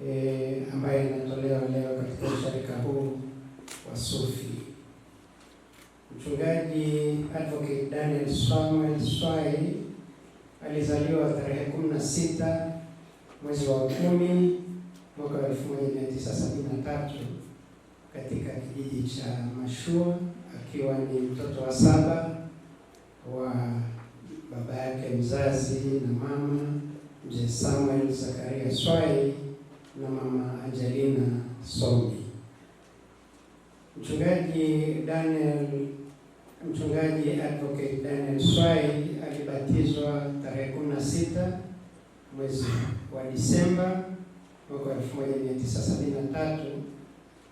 e, eh, ambayo inatolewa leo katika usharika huu wa Sufi. Mchungaji Advocate Daniel Samuel Swai alizaliwa tarehe 16 mwezi wa kumi mwaka wa 1973 katika kijiji cha Mashua akiwa ni mtoto wa saba wa baba yake mzazi na mama Mzee Samuel Zakaria Swai na mama Angelina Sombi. Mchungaji Daniel Mchungaji Advocate Daniel Swai alibatizwa tarehe 16 mwezi wa Disemba mwaka 1973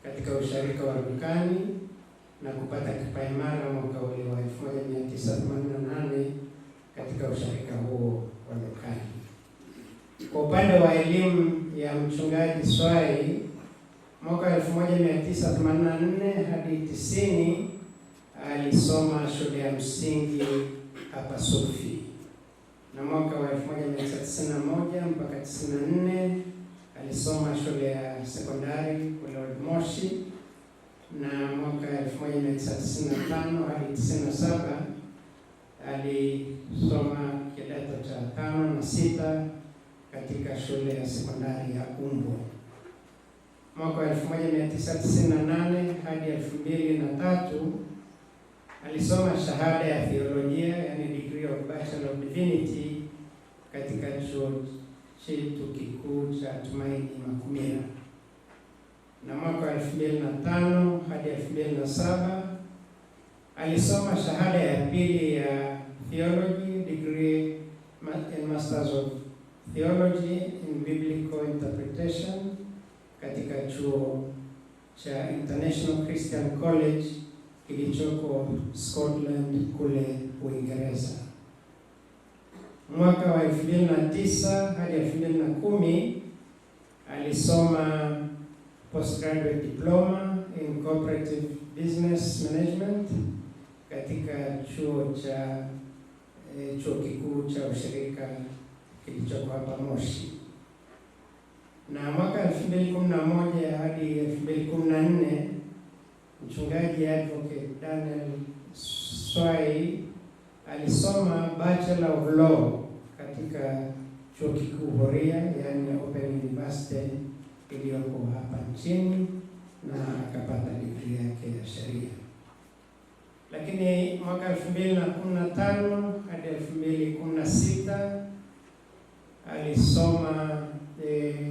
katika usharika wa Rukani na kupata kipaimara mwaka ule wa 1988 katika usharika huo wa Rukani. Kwa upande wa elimu ya mchungaji Swai mwaka 1984 hadi 90 alisoma shule ya msingi hapa Sufi, na mwaka wa 1991 mpaka 94 alisoma shule ya sekondari kule Old Moshi, na mwaka 1995 hadi 97 alisoma kidato cha tano na sita katika shule ya sekondari ya Umbwa. Mwaka 1998 hadi 2003 alisoma shahada ya theolojia, yani degree of Bachelor of Divinity katika chuo chetu kikuu cha Tumaini Makumira, na mwaka 2005 hadi 2007 alisoma shahada ya pili ya theology degree and masters of Theology in Biblical Interpretation katika chuo cha International Christian College kilichoko Scotland kule Uingereza. Mwaka wa 2009 hadi 2010 alisoma postgraduate diploma in cooperative business management katika chuo cha eh, chuo kikuu cha ushirika kilichoko hapa Moshi, na mwaka elfu mbili kumi na moja hadi elfu mbili kumi na nne mchungaji advocate Daniel Swai alisoma Bachelor of Law katika chuo kikuu Boria, yani Open University iliyoko hapa nchini na akapata digrii yake ya sheria. Lakini mwaka elfu mbili na kumi na tano hadi elfu mbili kumi na sita alisoma eh,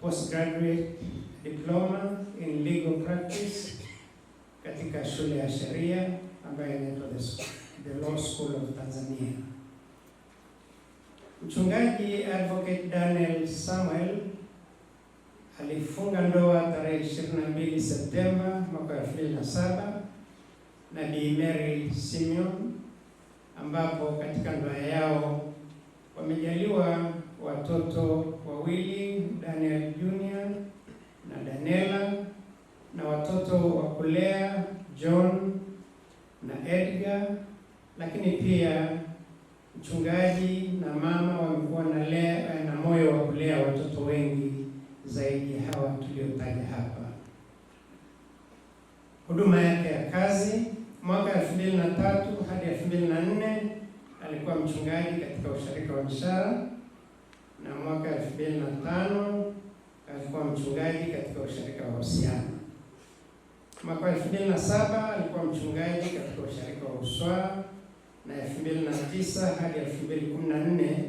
postgraduate diploma in legal practice katika shule ya sheria ambayo inaitwa the Law School of Tanzania. Mchungaji Advocate Daniel Samuel alifunga ndoa tarehe 22 Septemba mwaka 2007 na Bi Mary Simeon ambapo katika ndoa yao wamejaliwa watoto wawili Daniel Junior na Daniela, na watoto wa kulea John na Edgar, lakini pia mchungaji na mama wamekuwa na lea na moyo wa kulea watoto wengi zaidi ya hawa tuliotaja hapa. Huduma yake ya kazi mwaka 2003 hadi 2004 alikuwa mchungaji katika ushirika wa Mshara, na mwaka elfu mbili na tano alikuwa mchungaji katika ushirika wa Usiana. Mwaka elfu mbili na saba alikuwa mchungaji katika ushirika wa Uswaa, na elfu mbili na tisa hadi elfu mbili kumi na nne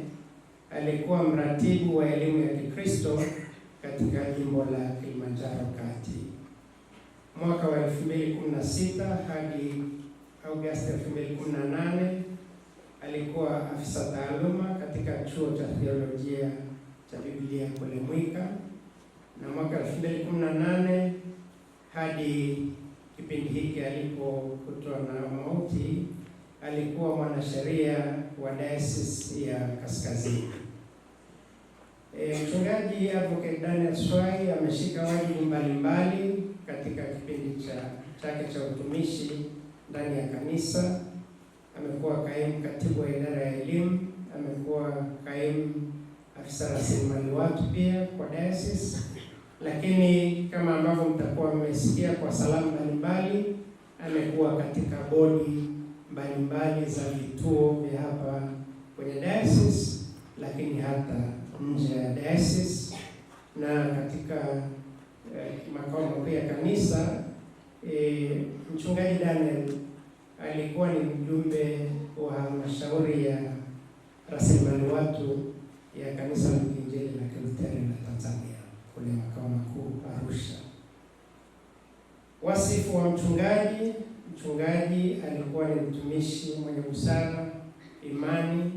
alikuwa mratibu wa elimu ya Kikristo katika jimbo la Kilimanjaro Kati. Mwaka wa elfu mbili kumi na sita hadi Agosti elfu mbili kumi na nane alikuwa afisa taaluma katika chuo cha theolojia cha Biblia kule Mwika, na mwaka 2018 hadi kipindi hiki alipokutwa na mauti alikuwa mwanasheria wa Dayosisi ya Kaskazini. E, mchungaji Advocate Daniel Swai ameshika wajibu mbalimbali katika kipindi cha chake cha utumishi ndani ya kanisa amekuwa kaimu katibu wa idara ya elimu, amekuwa kaimu afisa rasilimali watu pia kwa diocese. Lakini kama ambavyo mtakuwa mmesikia kwa salamu mbalimbali, amekuwa katika bodi mbalimbali za vituo vya hapa kwenye diocese, lakini hata nje ya diocese na katika eh, makao makuu ya kanisa eh, mchungaji Daniel alikuwa ni mjumbe wa halmashauri ya rasilimali watu ya kanisa la Kiinjili la Kilutheri la Tanzania kule makao makuu Arusha. Wasifu wa mchungaji. Mchungaji alikuwa ni mtumishi mwenye busara, imani,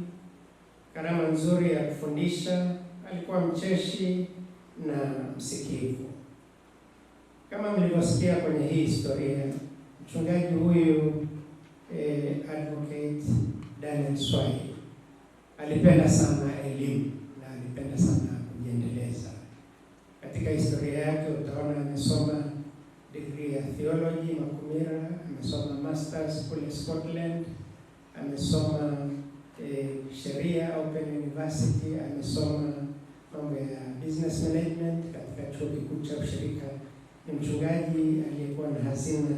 karama nzuri ya kufundisha, alikuwa mcheshi na msikivu. Kama mlivyosikia kwenye hii historia, mchungaji huyu eh, advocate Daniel Swai alipenda sana elimu na alipenda sana kujiendeleza. Katika historia yake utaona amesoma degree ya theology Makumira, amesoma masters kule Scotland, amesoma eh, sheria Open University, amesoma mambo ya business management katika chuo kikuu cha ushirika. Ni mchungaji aliyekuwa na hazina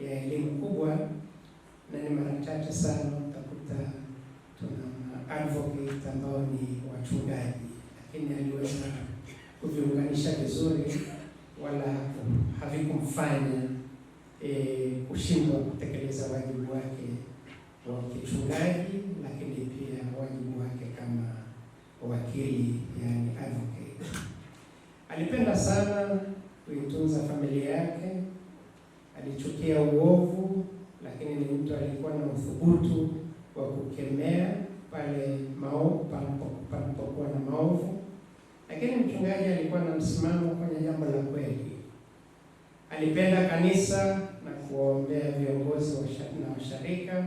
ya elimu kubwa nani, mara chache sana utakuta tuna advocate ambao ni wachungaji, lakini aliweza kuviunganisha vizuri, wala havikumfanya e, kushindwa kutekeleza wajibu wake wa kichungaji, lakini pia wajibu wake kama wakili, yani advocate. Alipenda sana kuitunza familia yake, alichukia uovu uthubutu wa kukemea pale panapokuwa na maovu, lakini mchungaji alikuwa na msimamo kwenye jambo la kweli. Alipenda kanisa na kuwaombea viongozi na washirika,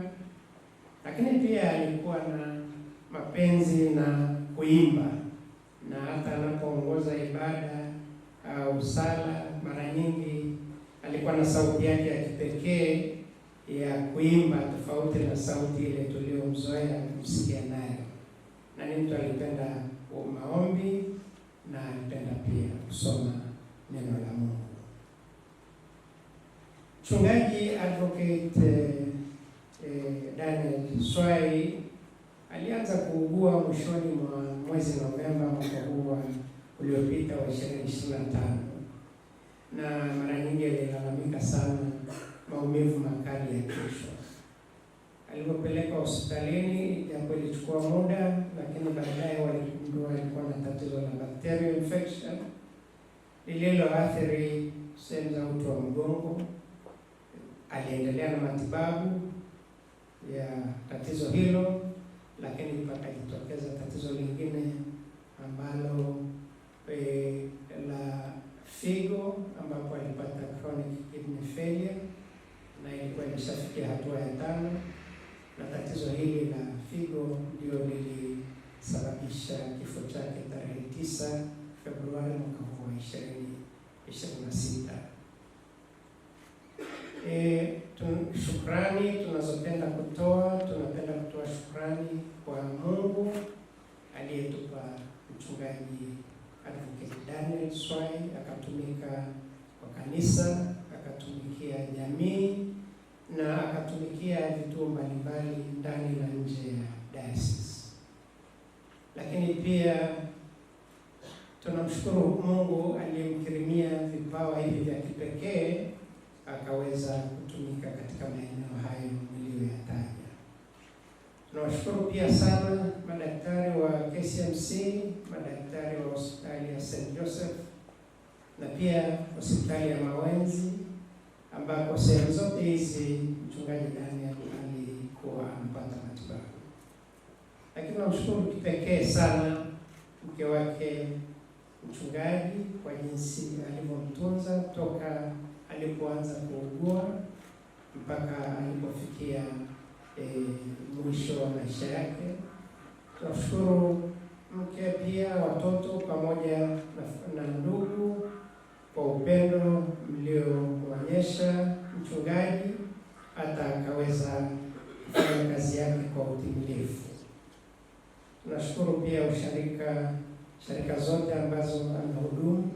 lakini pia alikuwa na mapenzi na kuimba, na hata anapoongoza ibada au sala, mara nyingi alikuwa na sauti yake ya kipekee ya kuimba tofauti na sauti ile tuliyomzoea kusikia nayo, na ni mtu alipenda maombi na alipenda pia kusoma neno la Mungu. Mchungaji Advocate eh, eh, Daniel Swai alianza kuugua mwishoni mwa mwezi Novemba mwaka huu uliopita wa 2025 na mara nyingi alilalamika sana maumivu makali ya kichwa. Alipopelekwa hospitalini, japo ilichukua muda, lakini baadaye waligundua alikuwa na tatizo la bacterial infection lililoathiri sehemu za uti wa mgongo. Aliendelea na matibabu ya tatizo hilo, lakini pakajitokeza tatizo lingine ambalo e, la figo ambapo alipata chronic kidney failure na ilikuwa imeshafikia hatua ya tano, na tatizo hili la figo ndio lilisababisha kifo chake tarehe 9 Februari mwaka huu wa ishirini ishirini E, tun, shukrani tunazopenda kutoa, tunapenda kutoa shukrani kwa Mungu aliyetupa mchungaji Advocate Daniel Swai, akatumika kwa kanisa, akatumikia jamii na akatumikia vituo mbalimbali ndani na nje ya diocese. Lakini pia tunamshukuru Mungu aliyemkirimia vipawa hivi vya kipekee akaweza kutumika katika maeneo hayo niliyoyataja. Tunawashukuru pia sana madaktari wa KCMC, madaktari wa hospitali ya St Joseph na pia hospitali ya Mawenzi ambako sehemu zote hizi mchungaji Daniel alikuwa anapata matibabu. Lakini namshukuru kipekee sana mke wake mchungaji kwa jinsi alivyomtunza toka alipoanza kuugua mpaka alipofikia e, mwisho wa maisha yake. Tunashukuru mke pia, watoto pamoja na ndugu kwa upendo mlioonyesha mchungaji, hata akaweza kufanya kazi yake kwa utimilifu. Tunashukuru pia ushirika, sharika zote ambazo amehudumu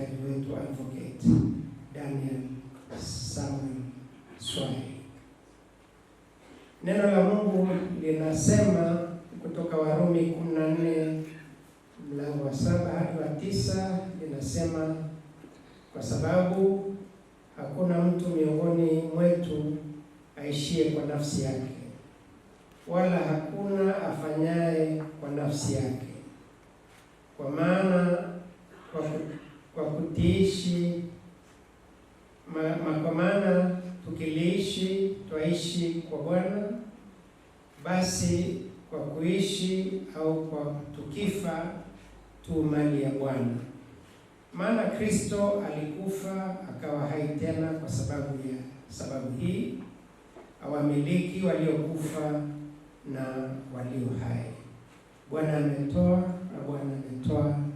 mchungaji wetu advocate Daniel Samuel Swai. Neno la Mungu linasema kutoka Warumi 14 mlango wa saba hadi wa tisa linasema, kwa sababu hakuna mtu miongoni mwetu aishie kwa nafsi yake, wala hakuna afanyaye kwa nafsi yake, kwa maana kwa kwa kutiishi makamana, tukiliishi twaishi kwa Bwana, basi kwa kuishi au kwa tukifa tu mali ya Bwana. Maana Kristo alikufa akawa hai tena kwa sababu ya sababu hii awamiliki waliokufa na walio hai. Bwana ametoa na Bwana ametoa